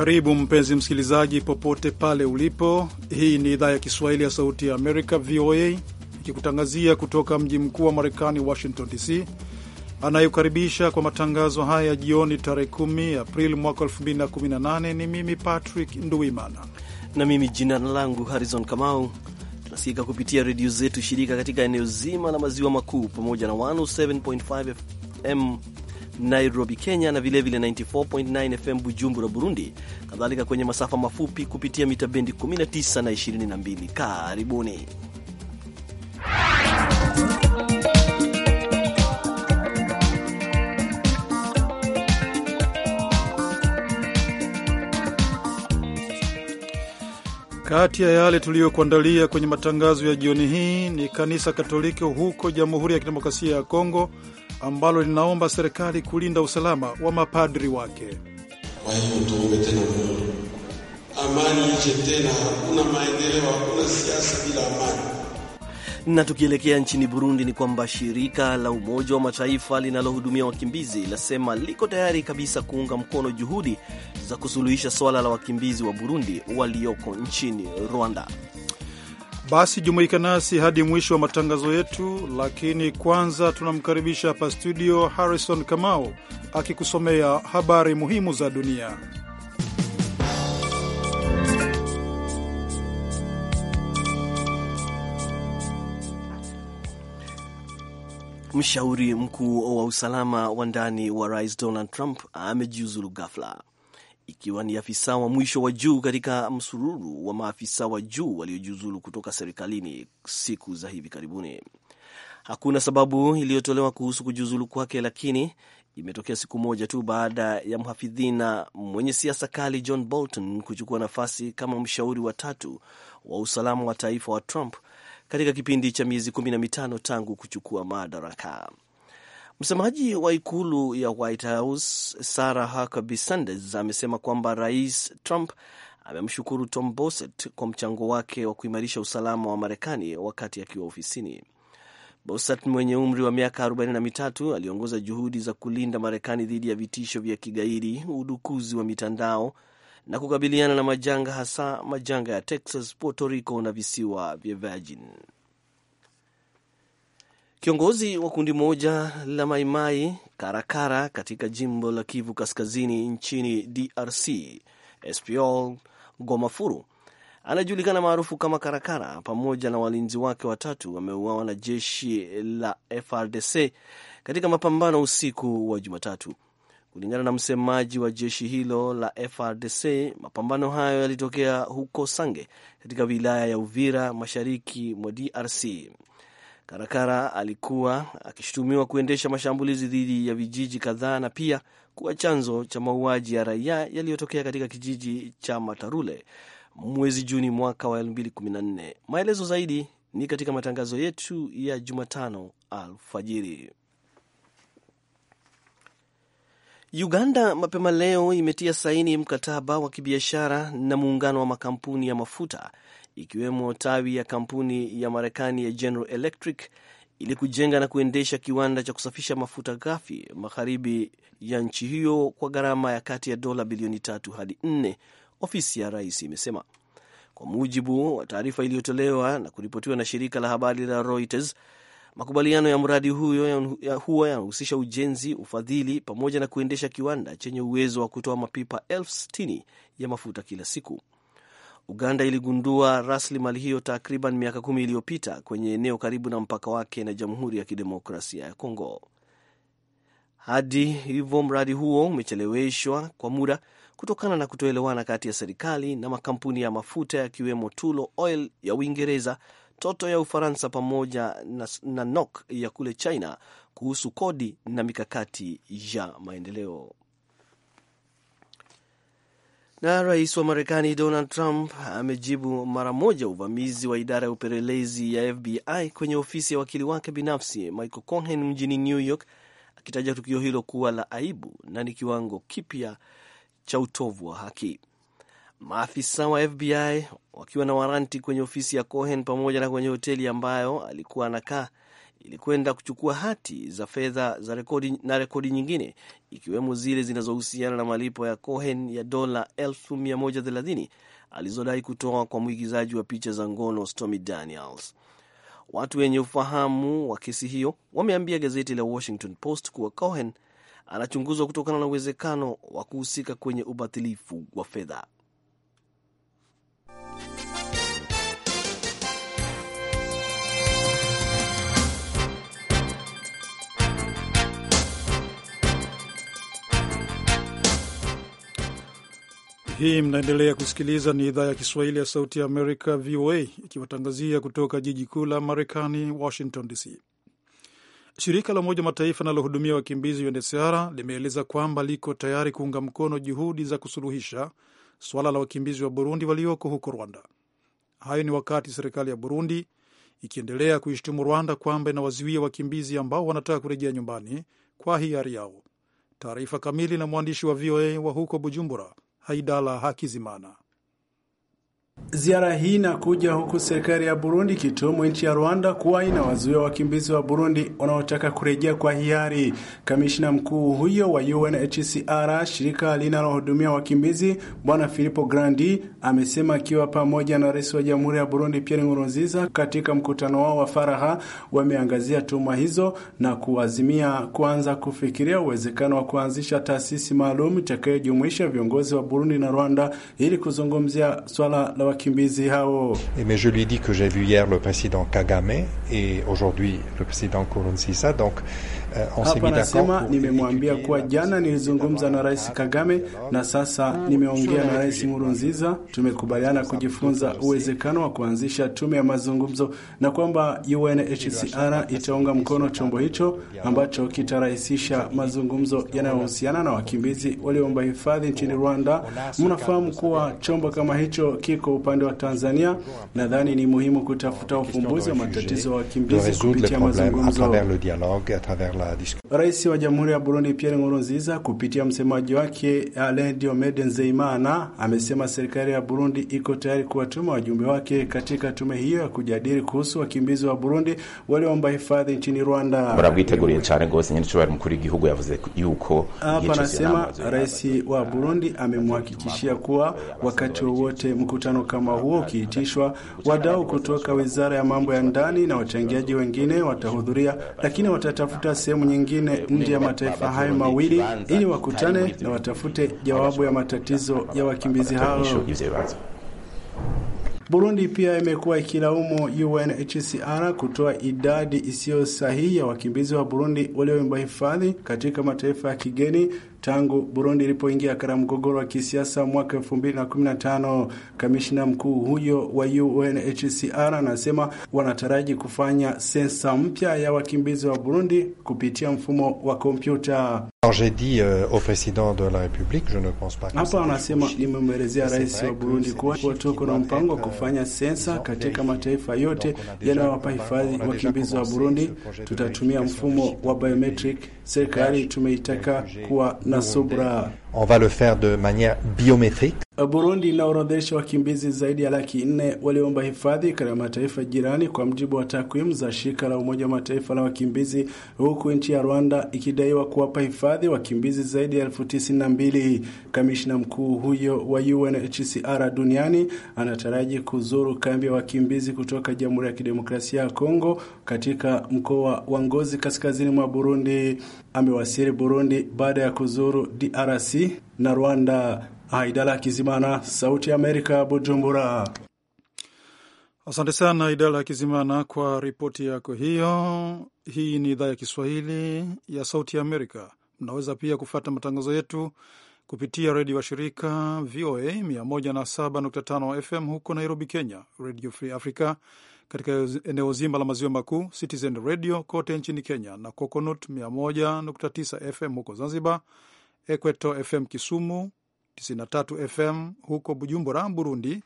Karibu mpenzi msikilizaji, popote pale ulipo. Hii ni idhaa ya Kiswahili ya Sauti ya Amerika, VOA, ikikutangazia kutoka mji mkuu wa Marekani, Washington DC, anayekaribisha kwa matangazo haya ya jioni, tarehe 10 Aprili mwaka 2018. Ni mimi Patrick nduimana na mimi jina langu Harrison Kamau. Tunasikika kupitia redio zetu shirika katika eneo zima la maziwa makuu pamoja na 107.5 FM Nairobi, Kenya na vilevile 94.9 FM Bujumbura, Burundi, kadhalika kwenye masafa mafupi kupitia mita bendi 19 na 22. Karibuni. Kati ya yale tuliyokuandalia kwenye matangazo ya jioni hii ni kanisa Katoliki huko Jamhuri ya Kidemokrasia ya Kongo ambalo linaomba serikali kulinda usalama wa mapadri wake. Kwa hiyo tuombe tena Mungu amani ije tena. Hakuna maendeleo, hakuna siasa bila amani. Na tukielekea nchini Burundi ni kwamba shirika la Umoja wa Mataifa linalohudumia wakimbizi lasema liko tayari kabisa kuunga mkono juhudi za kusuluhisha suala la wakimbizi wa Burundi walioko nchini Rwanda. Basi jumuika nasi hadi mwisho wa matangazo yetu, lakini kwanza tunamkaribisha hapa studio Harrison Kamau akikusomea habari muhimu za dunia. Mshauri mkuu wa usalama wa ndani wa rais Donald Trump amejiuzulu ghafla ikiwa ni afisa wa mwisho wa juu katika msururu wa maafisa wa juu waliojiuzulu kutoka serikalini siku za hivi karibuni. Hakuna sababu iliyotolewa kuhusu kujiuzulu kwake, lakini imetokea siku moja tu baada ya mhafidhina mwenye siasa kali John Bolton kuchukua nafasi kama mshauri wa tatu wa usalama wa taifa wa Trump katika kipindi cha miezi kumi na mitano tangu kuchukua madaraka. Msemaji wa ikulu ya White House Sarah Huckabee Sanders amesema kwamba Rais Trump amemshukuru Tom Boset kwa mchango wake wa kuimarisha usalama wa Marekani wakati akiwa ofisini. Boset mwenye umri wa miaka 43 aliongoza juhudi za kulinda Marekani dhidi ya vitisho vya kigaidi, udukuzi wa mitandao na kukabiliana na majanga, hasa majanga ya Texas, Puerto Rico na visiwa vya Virgin. Kiongozi wa kundi moja la Maimai Karakara katika jimbo la Kivu Kaskazini nchini DRC, Espiol Gomafuru anajulikana maarufu kama Karakara, pamoja na walinzi wake watatu wameuawa na jeshi la FRDC katika mapambano usiku wa Jumatatu, kulingana na msemaji wa jeshi hilo la FRDC. Mapambano hayo yalitokea huko Sange katika wilaya ya Uvira, mashariki mwa DRC. Karakara alikuwa akishutumiwa kuendesha mashambulizi dhidi ya vijiji kadhaa na pia kuwa chanzo cha mauaji ya raia yaliyotokea katika kijiji cha Matarule mwezi Juni mwaka wa 2014. Maelezo zaidi ni katika matangazo yetu ya Jumatano alfajiri. Uganda mapema leo imetia saini mkataba wa kibiashara na muungano wa makampuni ya mafuta ikiwemo tawi ya kampuni ya Marekani ya General Electric ili kujenga na kuendesha kiwanda cha kusafisha mafuta ghafi magharibi ya nchi hiyo kwa gharama ya kati ya dola bilioni tatu hadi nne, ofisi ya rais imesema, kwa mujibu wa taarifa iliyotolewa na kuripotiwa na shirika la habari la Reuters. Makubaliano ya mradi huo huwa yanahusisha ujenzi, ufadhili pamoja na kuendesha kiwanda chenye uwezo wa kutoa mapipa elfu sitini ya mafuta kila siku. Uganda iligundua rasilimali hiyo takriban miaka kumi iliyopita kwenye eneo karibu na mpaka wake na Jamhuri ya Kidemokrasia ya Kongo. Hadi hivyo mradi huo umecheleweshwa kwa muda kutokana na kutoelewana kati ya serikali na makampuni ya mafuta yakiwemo Tullow Oil ya Uingereza Toto ya Ufaransa pamoja na, na NOK ya kule China kuhusu kodi na mikakati ya maendeleo. Na rais wa Marekani Donald Trump amejibu mara moja uvamizi wa idara ya upelelezi ya FBI kwenye ofisi ya wakili wake binafsi Michael Cohen mjini New York, akitaja tukio hilo kuwa la aibu na ni kiwango kipya cha utovu wa haki. Maafisa wa FBI wakiwa na waranti kwenye ofisi ya Cohen pamoja na kwenye hoteli ambayo alikuwa anakaa ili kwenda kuchukua hati za fedha za rekodi na rekodi nyingine ikiwemo zile zinazohusiana na malipo ya Cohen ya dola 130 alizodai kutoa kwa mwigizaji wa picha za ngono Stormy Daniels. Watu wenye ufahamu wa kesi hiyo wameambia gazeti la Washington Post kuwa Cohen anachunguzwa kutokana na uwezekano wa kuhusika kwenye ubatilifu wa fedha. hii mnaendelea kusikiliza, ni idhaa ya Kiswahili ya Sauti ya Amerika, VOA, ikiwatangazia kutoka jiji kuu la Marekani, Washington DC. Shirika la Umoja Mataifa linalohudumia wakimbizi UNHCR limeeleza kwamba liko tayari kuunga mkono juhudi za kusuluhisha suala la wakimbizi wa Burundi walioko huko Rwanda. Hayo ni wakati serikali ya Burundi ikiendelea kuishtumu Rwanda kwamba inawazuia wakimbizi ambao wanataka kurejea nyumbani kwa hiari yao. Taarifa kamili na mwandishi wa VOA wa huko Bujumbura, Haidala Hakizimana. Ziara hii inakuja huku serikali ya Burundi ikituhumu nchi ya Rwanda kuwa inawazuia wakimbizi wa Burundi wanaotaka kurejea kwa hiari. Kamishina mkuu huyo wa UNHCR, shirika linalohudumia wakimbizi, Bwana Filipo Grandi amesema akiwa pamoja na rais wa jamhuri ya Burundi Pierre Nkurunziza katika mkutano wao wa faraha, wameangazia tuhuma hizo na kuazimia kuanza kufikiria uwezekano wa kuanzisha taasisi maalum itakayojumuisha viongozi wa Burundi na Rwanda ili kuzungumzia swala la Eh, mais je lui ai dit que j'ai vu hier le président Kagame et aujourd'hui le président Kurunziza, donc Eh, hapa anasema nimemwambia kuwa jana nilizungumza na Rais Kagame na sasa nimeongea na Rais Nkurunziza. Tumekubaliana kujifunza uwezekano wa kuanzisha tume ya mazungumzo na kwamba UNHCR itaunga mkono chombo hicho ambacho kitarahisisha mazungumzo yanayohusiana na wakimbizi walioomba hifadhi nchini Rwanda. Mnafahamu kuwa chombo kama hicho kiko upande wa Tanzania. Nadhani ni muhimu kutafuta ufumbuzi wa matatizo ya wakimbizi kupitia mazungumzo la Rais wa Jamhuri ya Burundi Pierre Nkurunziza kupitia msemaji wake Alain Diomede Nzeimana amesema serikali ya Burundi iko tayari kuwatuma wajumbe wake katika tume hiyo ya kujadili kuhusu wakimbizi wa Burundi walioomba hifadhi nchini Rwanda. Murabwiteguriye cyane gose nyirishoboye mkuru igihugu yavuze yuko hapa anasema rais wa Burundi amemhakikishia kuwa wakati wowote mkutano kama huo ukiitishwa, wadau kutoka wizara ya mambo ya ndani na wachangiaji wengine watahudhuria, lakini watatafuta sehemu nyingine nje ya mataifa hayo mawili ili wakutane na watafute jawabu ya matatizo ya wakimbizi hao. Burundi pia imekuwa ikilaumu UNHCR kutoa idadi isiyo sahihi ya wakimbizi wa Burundi walioomba hifadhi katika mataifa ya kigeni tangu Burundi ilipoingia katika mgogoro wa kisiasa mwaka 2015. Kamishna mkuu huyo wa UNHCR anasema wanataraji kufanya sensa mpya ya wakimbizi wa Burundi kupitia mfumo wa kompyuta. Alors J'ai dit euh, au président de la République, je ne pense pas. Hapa anasema imemwelezea rais wa Burundi kuwa tuko na mpango wa kufanya sensa katika mataifa yote yanayowapa hifadhi wakimbizi wa Burundi. Tutatumia mfumo wa biometric. Serikali tumeitaka kuwa na subra. On va le faire de manière biométrique. Uh, Burundi inaorodhesha wakimbizi zaidi ya laki nne waliomba hifadhi katika mataifa jirani kwa mjibu wa takwimu za shirika la Umoja wa Mataifa la wakimbizi, huku nchi ya Rwanda ikidaiwa kuwapa hifadhi wakimbizi zaidi ya elfu tisini na mbili. Kamishna mkuu huyo wa UNHCR duniani anataraji kuzuru kambi ya wakimbizi kutoka Jamhuri ya Kidemokrasia ya Kongo katika mkoa wa Ngozi kaskazini mwa Burundi. Amewasili Burundi baada ya kuzuru DRC na Rwanda. Aidala Kizimana, Sauti ya Amerika, Bujumbura. Asante sana Idala ya Kizimana kwa ripoti yako hiyo. Hii ni idhaa ya Kiswahili ya Sauti ya Amerika. Mnaweza pia kufata matangazo yetu kupitia redio wa shirika VOA 107.5 FM huko Nairobi, Kenya, Radio Free Africa katika eneo zima la maziwa makuu, Citizen Radio kote nchini Kenya na Coconut 101.9 FM huko Zanzibar, Equator FM Kisumu, 93 FM huko Bujumbura, Burundi.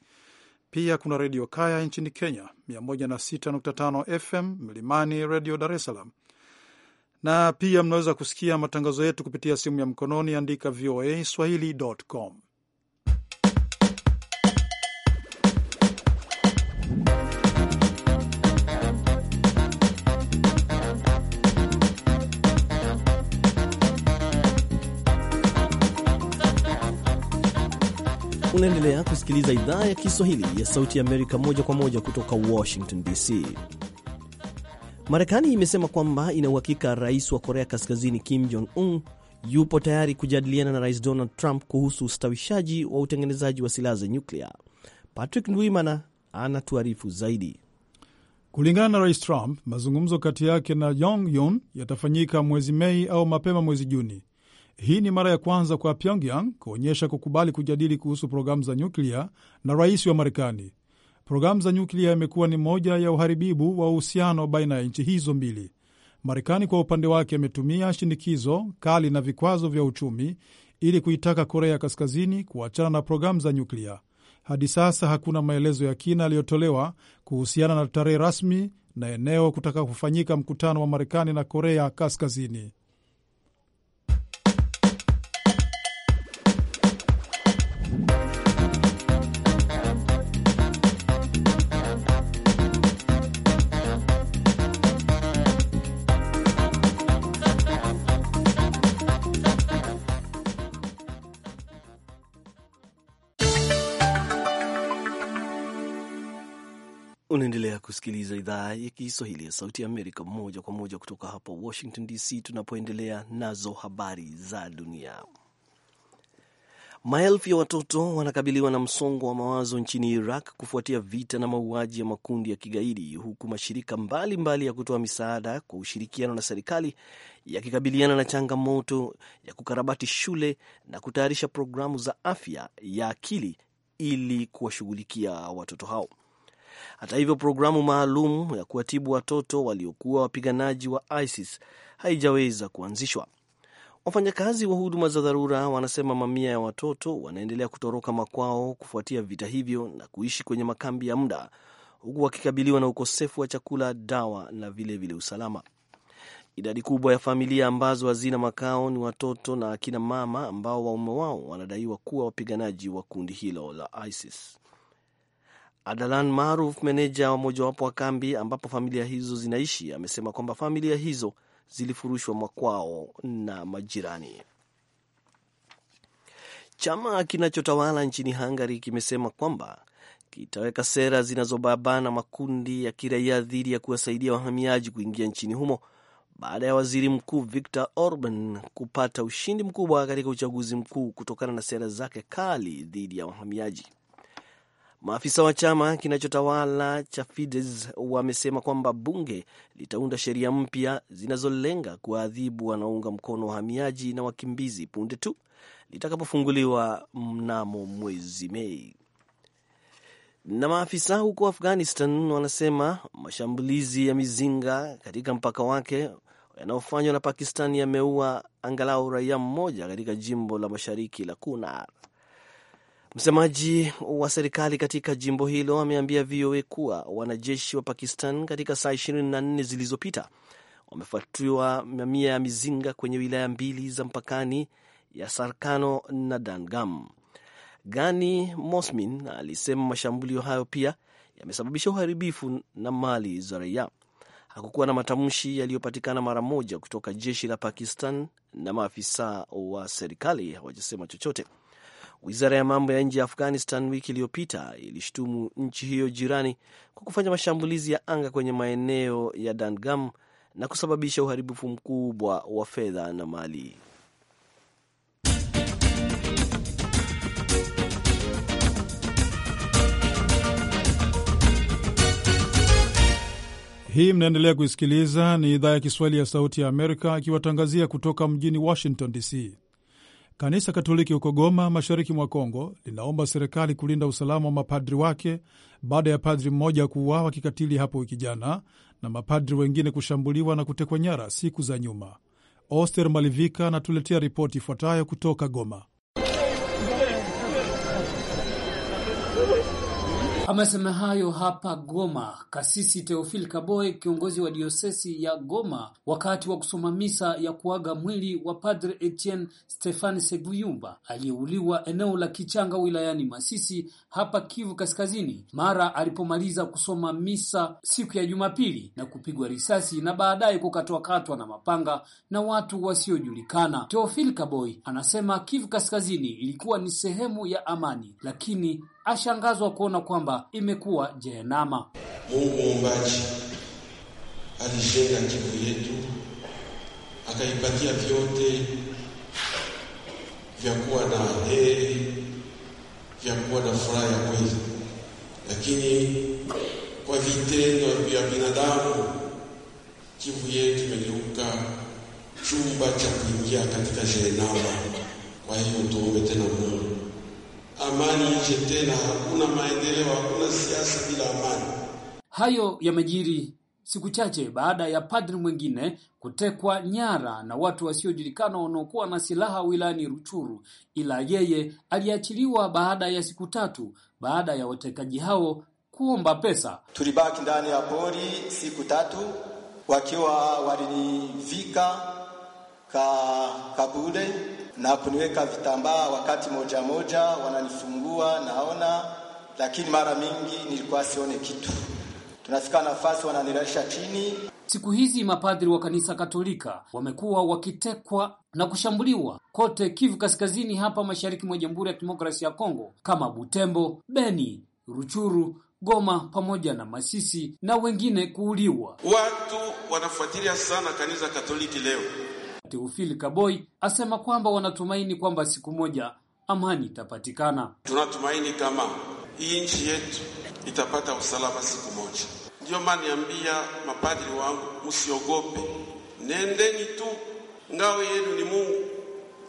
Pia kuna Redio Kaya nchini Kenya, 106.5 FM Mlimani Redio Dar es Salaam, na pia mnaweza kusikia matangazo yetu kupitia simu ya mkononi, andika voa swahili.com. Unaendelea kusikiliza idhaa ya Kiswahili ya Sauti ya Amerika moja kwa moja kutoka Washington DC. Marekani imesema kwamba ina uhakika rais wa Korea Kaskazini Kim Jong Un yupo tayari kujadiliana na Rais Donald Trump kuhusu ustawishaji wa utengenezaji wa silaha za nyuklia. Patrick Ndwimana anatuarifu zaidi. Kulingana na Rais Trump, mazungumzo kati yake na yong yun yatafanyika mwezi Mei au mapema mwezi Juni. Hii ni mara ya kwanza kwa Pyongyang kuonyesha kukubali kujadili kuhusu programu za nyuklia na rais wa Marekani. Programu za nyuklia imekuwa ni moja ya uharibibu wa uhusiano baina ya nchi hizo mbili. Marekani kwa upande wake imetumia shinikizo kali na vikwazo vya uchumi ili kuitaka Korea Kaskazini kuachana na programu za nyuklia. Hadi sasa hakuna maelezo ya kina yaliyotolewa kuhusiana na tarehe rasmi na eneo kutaka kufanyika mkutano wa Marekani na Korea Kaskazini. Unaendelea kusikiliza idhaa ya Kiswahili ya Sauti ya Amerika moja kwa moja kutoka hapa Washington DC, tunapoendelea nazo habari za dunia. Maelfu ya watoto wanakabiliwa na msongo wa mawazo nchini Iraq kufuatia vita na mauaji ya makundi ya kigaidi, huku mashirika mbalimbali mbali ya kutoa misaada kwa ushirikiano na serikali yakikabiliana na changamoto ya kukarabati shule na kutayarisha programu za afya ya akili ili kuwashughulikia watoto hao. Hata hivyo, programu maalum ya kuwatibu watoto waliokuwa wapiganaji wa ISIS haijaweza kuanzishwa. Wafanyakazi wa huduma za dharura wanasema mamia ya watoto wanaendelea kutoroka makwao kufuatia vita hivyo na kuishi kwenye makambi ya muda huku wakikabiliwa na ukosefu wa chakula, dawa na vilevile vile usalama. Idadi kubwa ya familia ambazo hazina makao ni watoto na akina mama ambao waume wao wanadaiwa kuwa wapiganaji wa kundi hilo la ISIS. Adalan Maruf, meneja wa mojawapo wa kambi ambapo familia hizo zinaishi, amesema kwamba familia hizo zilifurushwa mwakwao na majirani. Chama kinachotawala nchini Hungary kimesema kwamba kitaweka sera zinazobabana makundi ya kiraia dhidi ya kuwasaidia wahamiaji kuingia nchini humo baada ya waziri mkuu Viktor Orban kupata ushindi mkubwa katika uchaguzi mkuu kutokana na sera zake kali dhidi ya wahamiaji. Maafisa wa chama kinachotawala cha Fides wamesema kwamba bunge litaunda sheria mpya zinazolenga kuwaadhibu wanaunga mkono wahamiaji na wakimbizi punde tu litakapofunguliwa mnamo mwezi Mei. Na maafisa huko Afghanistan wanasema mashambulizi ya mizinga katika mpaka wake yanayofanywa na Pakistan yameua angalau raia mmoja katika jimbo la mashariki la Kunar. Msemaji wa serikali katika jimbo hilo ameambia VOA kuwa wanajeshi wa Pakistan katika saa 24 zilizopita wamefuatiwa mamia ya mizinga kwenye wilaya mbili za mpakani ya Sarkano na Dangam. Gani Mosmin alisema mashambulio hayo pia yamesababisha uharibifu na mali za raia. Hakukuwa na matamshi yaliyopatikana mara moja kutoka jeshi la Pakistan na maafisa wa serikali hawajasema chochote. Wizara ya mambo ya nje ya Afghanistan wiki iliyopita ilishutumu nchi hiyo jirani kwa kufanya mashambulizi ya anga kwenye maeneo ya Dangam na kusababisha uharibifu mkubwa wa fedha na mali. Hii mnaendelea kuisikiliza, ni idhaa ya Kiswahili ya Sauti ya Amerika ikiwatangazia kutoka mjini Washington DC. Kanisa Katoliki huko Goma, mashariki mwa Kongo, linaomba serikali kulinda usalama wa mapadri wake baada ya padri mmoja kuuawa kikatili hapo wiki jana na mapadri wengine kushambuliwa na kutekwa nyara siku za nyuma. Oster Malivika anatuletea ripoti ifuatayo kutoka Goma. Amesema hayo hapa Goma Kasisi Teofil Kaboe, kiongozi wa diosesi ya Goma, wakati wa kusoma misa ya kuaga mwili wa Padre Etienne Stefani Seguyumba aliyeuliwa eneo la Kichanga wilayani Masisi hapa Kivu Kaskazini mara alipomaliza kusoma misa siku ya Jumapili na kupigwa risasi na baadaye kukatwakatwa na mapanga na watu wasiojulikana. Teofil kaboy anasema Kivu Kaskazini ilikuwa ni sehemu ya amani, lakini ashangazwa kuona kwamba imekuwa jehenama. Mungu Muumbaji alijenga Kivu yetu akaipatia vyote vya kuwa na heri, vya kuwa na furaha ya kweli, lakini kwa vitendo vya binadamu Kivu yetu imegeuka chumba cha kuingia katika jehenama. Kwa hiyo tuombe tena Mungu amani ije tena. Hakuna maendeleo, hakuna siasa bila amani. Hayo yamejiri siku chache baada ya padri mwingine kutekwa nyara na watu wasiojulikana wanaokuwa na silaha wilayani Ruchuru, ila yeye aliachiliwa baada ya siku tatu baada ya watekaji hao kuomba pesa. Tulibaki ndani ya pori siku tatu, wakiwa walinivika ka kabule na kuniweka vitambaa wakati moja moja, wananifungua naona, lakini mara mingi nilikuwa sione kitu. Tunafika nafasi wananirasha chini. Siku hizi mapadri wa kanisa Katolika wamekuwa wakitekwa na kushambuliwa kote Kivu Kaskazini, hapa mashariki mwa Jamhuri ya Kidemokrasia ya Kongo, kama Butembo, Beni, Ruchuru, Goma pamoja na Masisi na wengine kuuliwa. Watu wanafuatilia sana kanisa Katoliki leo teofil Kaboi asema kwamba wanatumaini kwamba siku moja amani itapatikana. Tunatumaini kama hii nchi yetu itapata usalama siku moja. Ndiyo maana niambia mapadri wangu, msiogope, nendeni tu, ngao yenu ni Mungu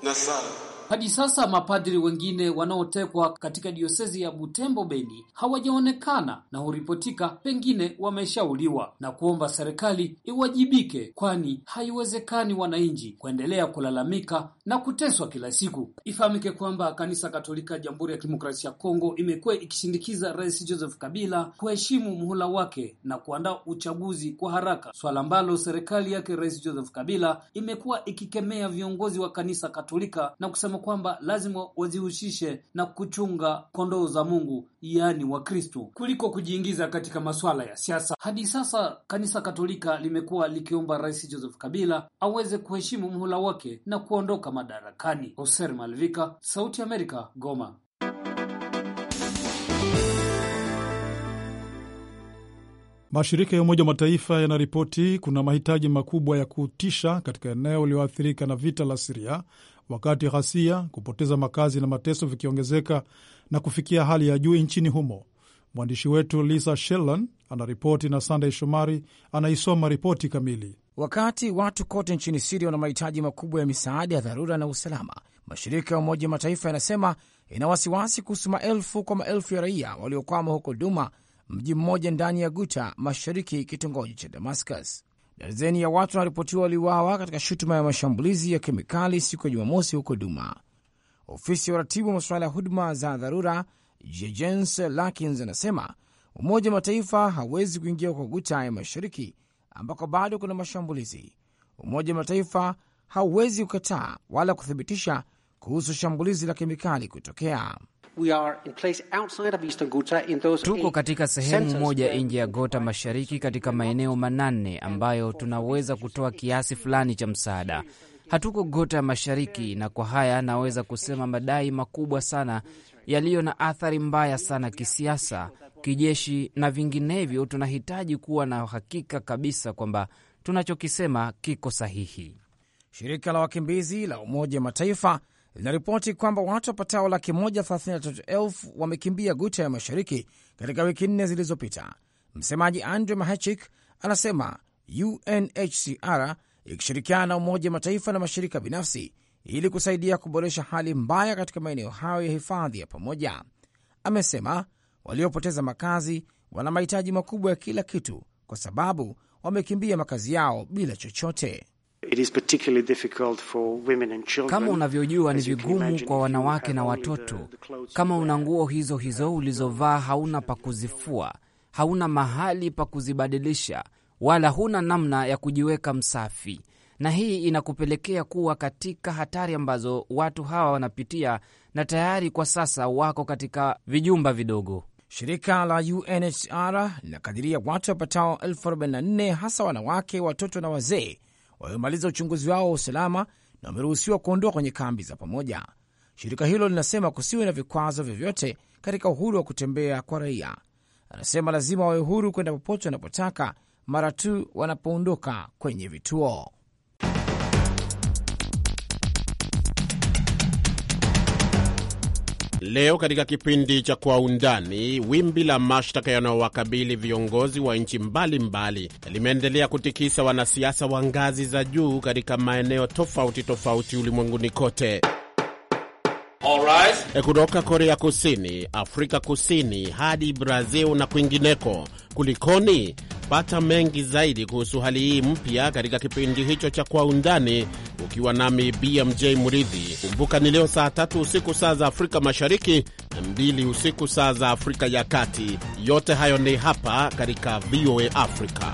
na sala hadi sasa mapadri wengine wanaotekwa katika diosezi ya Butembo Beni hawajaonekana na huripotika pengine wameshauliwa na kuomba serikali iwajibike, kwani haiwezekani wananchi kuendelea kulalamika na kuteswa kila siku. Ifahamike kwamba Kanisa Katolika Jamhuri ya Kidemokrasia ya Kongo imekuwa ikishindikiza Rais Joseph Kabila kuheshimu muhula wake na kuandaa uchaguzi kwa haraka, swala ambalo serikali yake Rais Joseph Kabila imekuwa ikikemea viongozi wa Kanisa Katolika na kusema anasema kwamba lazima wazihusishe na kuchunga kondoo za Mungu, yaani Wakristo, kuliko kujiingiza katika masuala ya siasa. Hadi sasa kanisa Katolika limekuwa likiomba Rais Joseph Kabila aweze kuheshimu mhula wake na kuondoka madarakani. Hoser Malvika, Sauti Amerika, Goma. Mashirika ya Umoja wa Mataifa yanaripoti kuna mahitaji makubwa ya kutisha katika eneo lililoathirika na vita la Siria wakati ghasia, kupoteza makazi na mateso vikiongezeka na kufikia hali ya juu nchini humo. Mwandishi wetu Lisa shellan anaripoti na Sandey Shomari anaisoma ripoti kamili. Wakati watu kote nchini Siria wana mahitaji makubwa ya misaada ya dharura na usalama, mashirika ya Umoja Mataifa yanasema ina wasiwasi kuhusu maelfu kwa maelfu ya raia waliokwama huko Duma, mji mmoja ndani ya Guta mashariki, kitongoji cha Damascus. Darzeni ya watu wanaripotiwa waliuawa katika shutuma ya mashambulizi ya kemikali siku ya Jumamosi huko Duma. Ofisi ya uratibu wa masuala ya huduma za dharura Jejens Lakins anasema Umoja wa Mataifa hawezi kuingia kwa Guta ya Mashariki ambako bado kuna mashambulizi. Umoja wa Mataifa hauwezi kukataa wala kuthibitisha kuhusu shambulizi la kemikali kutokea. Tuko katika sehemu moja nje ya Gota Mashariki, katika maeneo manane ambayo tunaweza kutoa kiasi fulani cha msaada. Hatuko Gota Mashariki, na kwa haya naweza kusema madai makubwa sana yaliyo na athari mbaya sana kisiasa, kijeshi na vinginevyo. Tunahitaji kuwa na uhakika kabisa kwamba tunachokisema kiko sahihi. Shirika la wakimbizi la Umoja wa Mataifa linaripoti kwamba watu wapatao laki moja thelathini na tatu elfu wamekimbia Guta ya mashariki katika wiki nne zilizopita. Msemaji Andre Mahachik anasema UNHCR ikishirikiana na Umoja Mataifa na mashirika binafsi ili kusaidia kuboresha hali mbaya katika maeneo hayo ya hifadhi ya pamoja. Amesema waliopoteza makazi wana mahitaji makubwa ya kila kitu, kwa sababu wamekimbia makazi yao bila chochote. Kama unavyojua ni vigumu kwa wanawake na watoto. Kama una nguo hizo hizo ulizovaa, hauna pa kuzifua, hauna mahali pa kuzibadilisha, wala huna namna ya kujiweka msafi, na hii inakupelekea kuwa katika hatari ambazo watu hawa wanapitia, na tayari kwa sasa wako katika vijumba vidogo. Shirika la UNHCR linakadiria watu wapatao elfu hasa wanawake, watoto na wazee waliomaliza uchunguzi wao wa usalama na wameruhusiwa kuondoka kwenye kambi za pamoja. Shirika hilo linasema kusiwe na vikwazo vyovyote katika uhuru wa kutembea kwa raia. Anasema lazima wawe huru kwenda popote wanapotaka mara tu wanapoondoka kwenye vituo. Leo katika kipindi cha Kwa Undani, wimbi la mashtaka yanayowakabili viongozi wa nchi mbalimbali limeendelea kutikisa wanasiasa wa ngazi za juu katika maeneo tofauti tofauti ulimwenguni kote. Right. E, kutoka Korea Kusini, Afrika Kusini hadi Brazil na kwingineko. Kulikoni? Pata mengi zaidi kuhusu hali hii mpya katika kipindi hicho cha Kwa Undani, ukiwa nami BMJ Muridhi. Kumbuka ni leo saa tatu usiku saa za Afrika Mashariki na mbili usiku saa za Afrika ya Kati. Yote hayo ni hapa katika VOA Africa.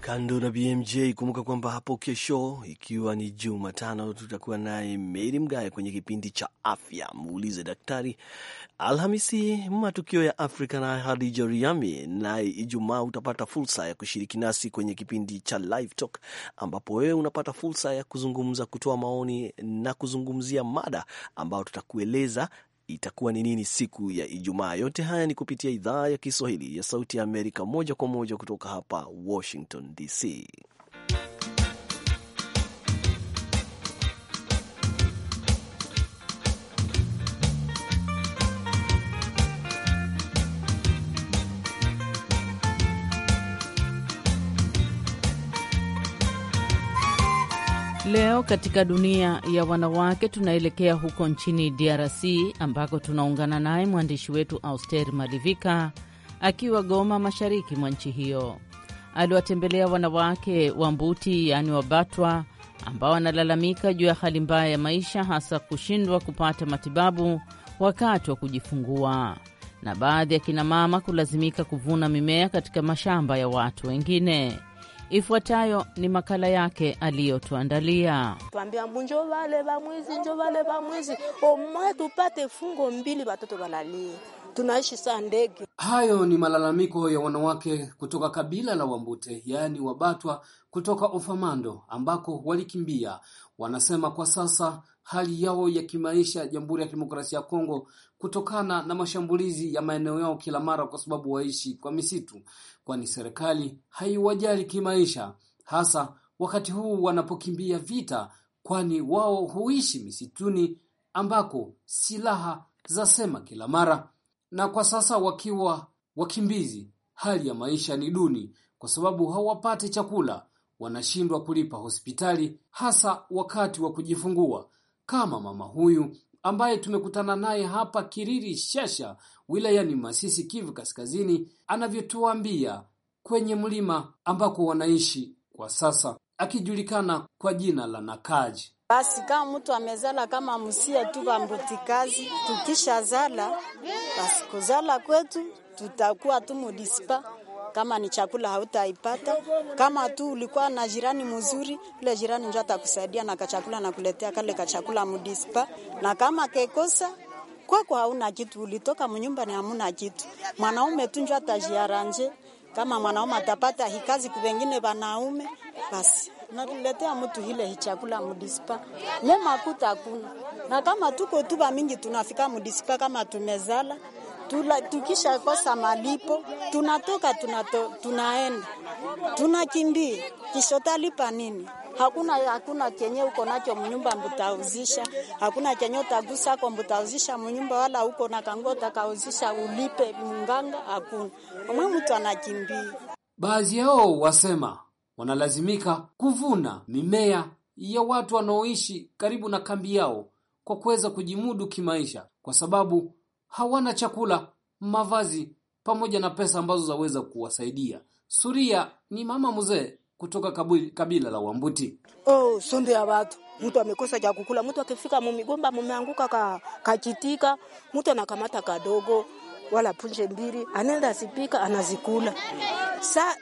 Kando na BMJ, kumbuka kwamba hapo kesho, ikiwa ni Jumatano, tutakuwa naye Meri Mgae kwenye kipindi cha afya, muulize daktari Alhamisi matukio ya Afrika na hadi Joriami, naye Ijumaa utapata fursa ya kushiriki nasi kwenye kipindi cha Live Talk, ambapo wewe unapata fursa ya kuzungumza, kutoa maoni na kuzungumzia mada ambayo tutakueleza itakuwa ni nini siku ya Ijumaa. Yote haya ni kupitia idhaa ya Kiswahili ya Sauti ya Amerika, moja kwa moja kutoka hapa Washington DC. leo katika dunia ya wanawake, tunaelekea huko nchini DRC ambako tunaungana naye mwandishi wetu Auster Malivika akiwa Goma, mashariki mwa nchi hiyo. Aliwatembelea wanawake wa Mbuti yaani Wabatwa ambao wanalalamika juu ya hali mbaya ya maisha, hasa kushindwa kupata matibabu wakati wa kujifungua na baadhi ya kinamama kulazimika kuvuna mimea katika mashamba ya watu wengine. Ifuatayo ni makala yake aliyotuandalia. Twambia mbunjo vale vamwizi njo va mwizi omwe tupate fungo mbili watoto walalie tunaishi saa ndege. Hayo ni malalamiko ya wanawake kutoka kabila la Wambute, yaani Wabatwa kutoka Ofamando ambako walikimbia. Wanasema kwa sasa hali yao ya kimaisha Jamhuri ya Kidemokrasia ya Kongo kutokana na mashambulizi ya maeneo yao kila mara, kwa sababu waishi kwa misitu, kwani serikali haiwajali kimaisha, hasa wakati huu wanapokimbia vita, kwani wao huishi misituni ambako silaha zasema kila mara, na kwa sasa wakiwa wakimbizi, hali ya maisha ni duni kwa sababu hawapati chakula, wanashindwa kulipa hospitali, hasa wakati wa kujifungua kama mama huyu ambaye tumekutana naye hapa Kiriri Shasha wilayani Masisi, Kivu Kaskazini, anavyotuambia kwenye mlima ambako wanaishi kwa sasa, akijulikana kwa jina la Nakaji. Basi kama mtu amezala kama msia tu kambuti kazi, tukishazala basi kuzala kwetu tutakuwa tu mudispa kama ni chakula hautaipata, kama tu ulikuwa na jirani mzuri, yule jirani ndio atakusaidia na kachakula na kuletea kale kachakula mudispa, na kama kekosa kwako hauna kitu, ulitoka mnyumba ni hamuna kitu. Mwanaume tu ndio atajiaranje, kama mwanaume atapata hikazi kuvengine wanaume basi naliletea mtu hile hichakula mudispa mema kuta hakuna, na kama tuko tuba mingi tunafika mudispa kama tumezala tula, tukisha kosa malipo tunatoka tunato, tunaenda tunakimbia, kisha utalipa nini? Hakuna, hakuna kenye uko nacho mnyumba mbutauzisha, hakuna kenye utagusa ko mbutauzisha mnyumba, wala uko na kango utakauzisha ulipe munganga, hakuna mwe, mtu anakimbia. Baadhi yao wasema wanalazimika kuvuna mimea ya watu wanaoishi karibu na kambi yao kwa kuweza kujimudu kimaisha, kwa sababu hawana chakula, mavazi pamoja na pesa ambazo zaweza kuwasaidia. Suria ni mama mzee kutoka kabila, kabila la Wambuti. Oh, sombe ya watu mtu amekosa cha kukula, mtu akifika mumigomba mumeanguka ka, kachitika mtu anakamata kadogo wala punje mbili anaenda sipika anazikula. saa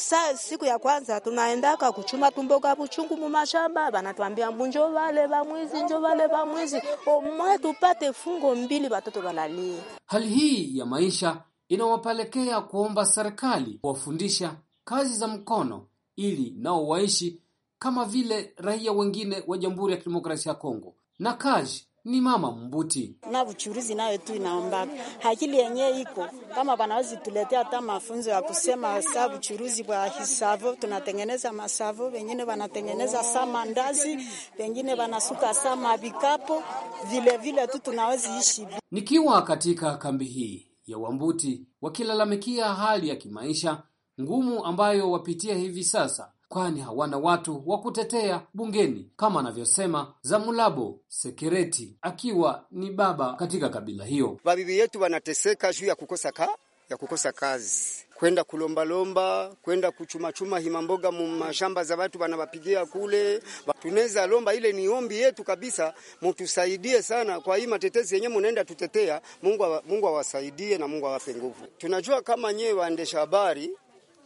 Saa siku ya kwanza tunaendaka kuchuma tumboka ka buchungu mumashamba, banatwambia mbunjo vale ba mwizi, njo vale ba mwizi, omwe tupate fungo mbili watoto walalie. Hali hii ya maisha inawapelekea kuomba serikali kuwafundisha kazi za mkono ili nao waishi kama vile raia wengine wa Jamhuri ya Kidemokrasia ya Kongo. na kazi ni mama Mbuti na vuchuruzi nayo tu inaombaka hakili yenye iko kama wanawezi tuletea hata mafunzo ya kusema saa vuchuruzi wa hisavo, tunatengeneza masavo, wengine wanatengeneza saa mandazi, wengine wanasuka saa mavikapo, vile vile tu tunawezi ishi. Nikiwa katika kambi hii ya Wambuti wakilalamikia hali ya kimaisha ngumu ambayo wapitia hivi sasa kwani hawana watu wa kutetea bungeni, kama anavyosema Zamulabo Sekereti akiwa ni baba katika kabila hiyo. Wabibi yetu wanateseka juu ya kukosa ka ya kukosa kazi, kwenda kulombalomba, kwenda kuchumachuma himamboga mu mashamba za watu wanawapigia kule. Tunaweza lomba, ile ni ombi yetu kabisa, mutusaidie sana kwa hii matetezi yenyewe munaenda tutetea. Mungu, Mungu awasaidie na Mungu awape nguvu. Tunajua kama nyewe waendesha habari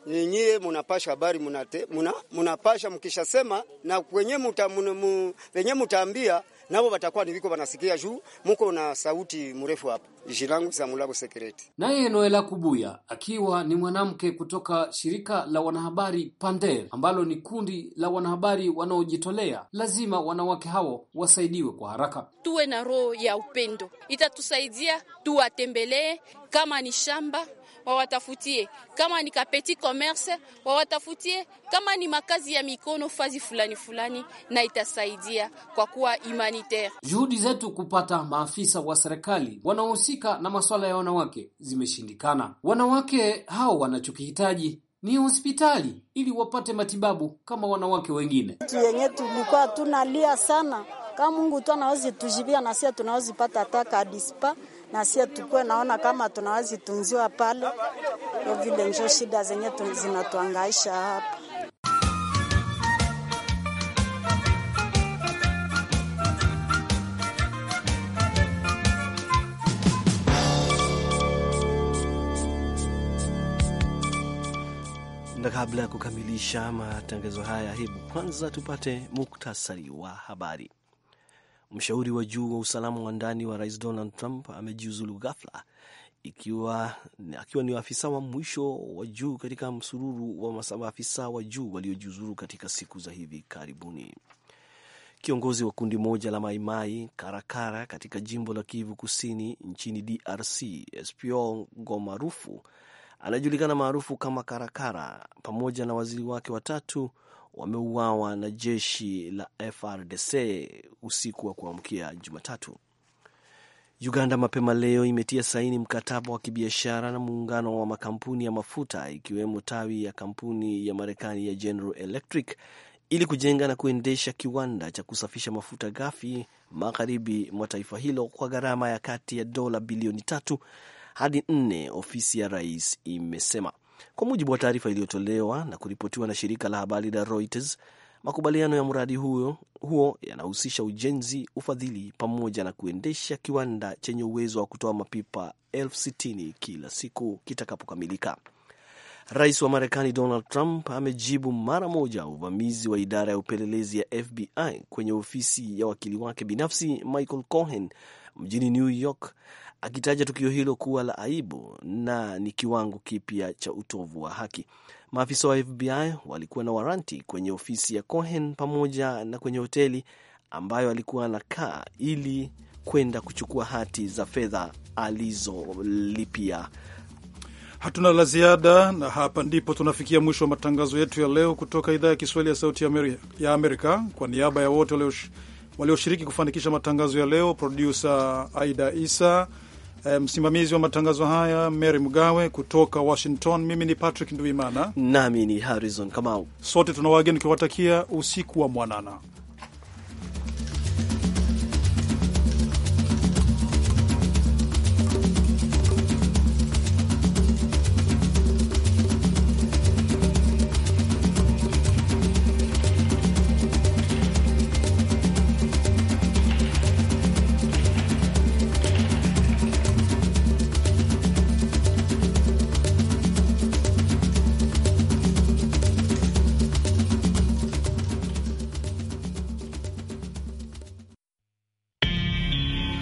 ninyie munapasha habari munate, muna, munapasha mkishasema na wenye muta, wenye mutaambia nabo watakuwa niviko wanasikia juu muko na sauti mrefu hapa. Jirangu za mulago sekreti Naye Noela Kubuya akiwa ni mwanamke kutoka shirika la wanahabari Pandel ambalo ni kundi la wanahabari wanaojitolea. Lazima wanawake hao wasaidiwe kwa haraka. Tuwe na roho ya upendo, itatusaidia tuwatembelee, kama ni shamba wawatafutie, kama ni kapeti commerce wawatafutie, kama ni makazi ya mikono fazi fulani fulani, na itasaidia kwa kuwa humanitaire. Juhudi zetu kupata maafisa wa serikali wanaohusika na masuala ya wanawake zimeshindikana. Wanawake hao wanachokihitaji ni hospitali ili wapate matibabu kama wanawake wengine. Yenye tulikuwa tunalia sana, kama Mungu tu anawezi tujibia, na sisi tunawezi pata hata kadispa na sie tukue naona kama tunawezi tunziwa pale, o vile njo shida zenye zinatuangaisha hapa. Na kabla ya kukamilisha matangazo haya, hebu kwanza tupate muktasari wa habari. Mshauri wa juu wa usalama wa ndani wa rais Donald Trump amejiuzulu ghafla, ikiwa akiwa ni afisa wa mwisho wa juu katika msururu wa maafisa wa juu waliojiuzulu katika siku za hivi karibuni. Kiongozi wa kundi moja la Maimai Karakara katika jimbo la Kivu Kusini nchini DRC, espiongo marufu anajulikana maarufu kama Karakara, pamoja na waziri wake watatu wameuawa na jeshi la FRDC usiku wa kuamkia Jumatatu. Uganda mapema leo imetia saini mkataba wa kibiashara na muungano wa makampuni ya mafuta ikiwemo tawi ya kampuni ya Marekani ya General Electric ili kujenga na kuendesha kiwanda cha kusafisha mafuta ghafi magharibi mwa taifa hilo kwa gharama ya kati ya dola bilioni tatu hadi nne, ofisi ya rais imesema. Kwa mujibu wa taarifa iliyotolewa na kuripotiwa na shirika la habari la Reuters, makubaliano ya mradi huo, huo yanahusisha ujenzi, ufadhili pamoja na kuendesha kiwanda chenye uwezo wa kutoa mapipa elfu sitini kila siku kitakapokamilika. Rais wa Marekani Donald Trump amejibu mara moja uvamizi wa idara ya upelelezi ya FBI kwenye ofisi ya wakili wake binafsi Michael Cohen mjini New York, akitaja tukio hilo kuwa la aibu na ni kiwango kipya cha utovu wa haki. Maafisa wa FBI walikuwa na waranti kwenye ofisi ya Cohen pamoja na kwenye hoteli ambayo alikuwa anakaa ili kwenda kuchukua hati za fedha alizolipia. Hatuna la ziada, na hapa ndipo tunafikia mwisho wa matangazo yetu ya leo kutoka idhaa ya Kiswahili ya Sauti ya Amerika. Kwa niaba ya wote walioshiriki kufanikisha matangazo ya leo, produsa Aida Isa, Eh, msimamizi wa matangazo haya Mary Mgawe kutoka Washington. Mimi ni Patrick Nduimana nami ni Harrison Kamau, sote tuna wageni tukiwatakia usiku wa mwanana.